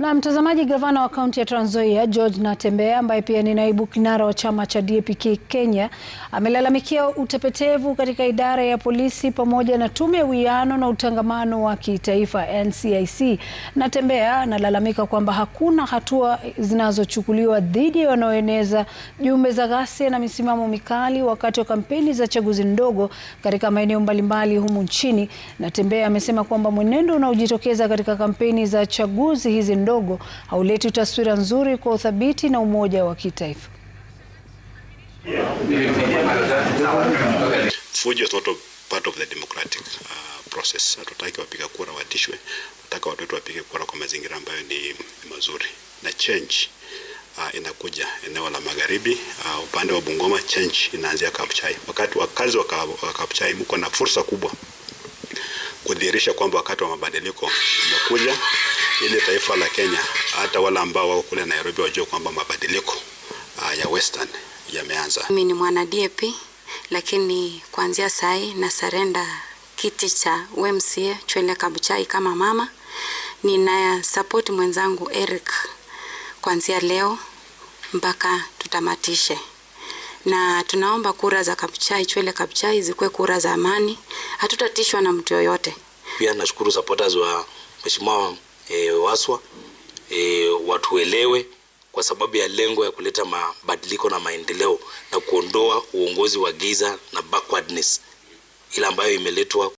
Na mtazamaji, gavana wa kaunti ya Trans Nzoia George Natembeya ambaye pia ni naibu kinara wa chama cha DAP-K Kenya amelalamikia utepetevu katika idara ya polisi pamoja na tume ya uwiano na utangamano wa kitaifa NCIC. Natembeya analalamika kwamba hakuna hatua zinazochukuliwa dhidi ya wanaoeneza jumbe za ghasia na misimamo mikali wakati wa kampeni za chaguzi ndogo katika maeneo mbalimbali humu nchini. Natembeya amesema kwamba mwenendo unaojitokeza katika kampeni za chaguzi hizi ndogo mdogo hauleti taswira nzuri kwa uthabiti na umoja wa kitaifa. Fujo is not part of the democratic uh, process. Hatutaki wapiga kura watishwe, nataka watoto wapige kura kwa mazingira ambayo ni mazuri na change Uh, inakuja eneo la magharibi uh, upande wa Bungoma change inaanzia Kabuchai. Wakati wakazi wa Kabuchai mko na fursa kubwa kudhihirisha kwamba wakati wa mabadiliko umekuja ili taifa la Kenya, hata wale ambao wako kule Nairobi wajue kwamba mabadiliko uh, ya Western yameanza. Mimi ni mwana DAP, lakini kuanzia saa na sarenda kiti cha MCA Chwele Kabuchai kama mama. Nina support mwenzangu Eric kuanzia leo mpaka tutamatishe, na tunaomba kura za Kabuchai Chwele Kabuchai zikuwe kura za amani, hatutatishwa na mtu yoyote. Pia nashukuru supporters wa Mheshimiwa e, WASWA e, watuelewe kwa sababu ya lengo ya kuleta mabadiliko na maendeleo na kuondoa uongozi wa giza na backwardness ile ambayo imeletwa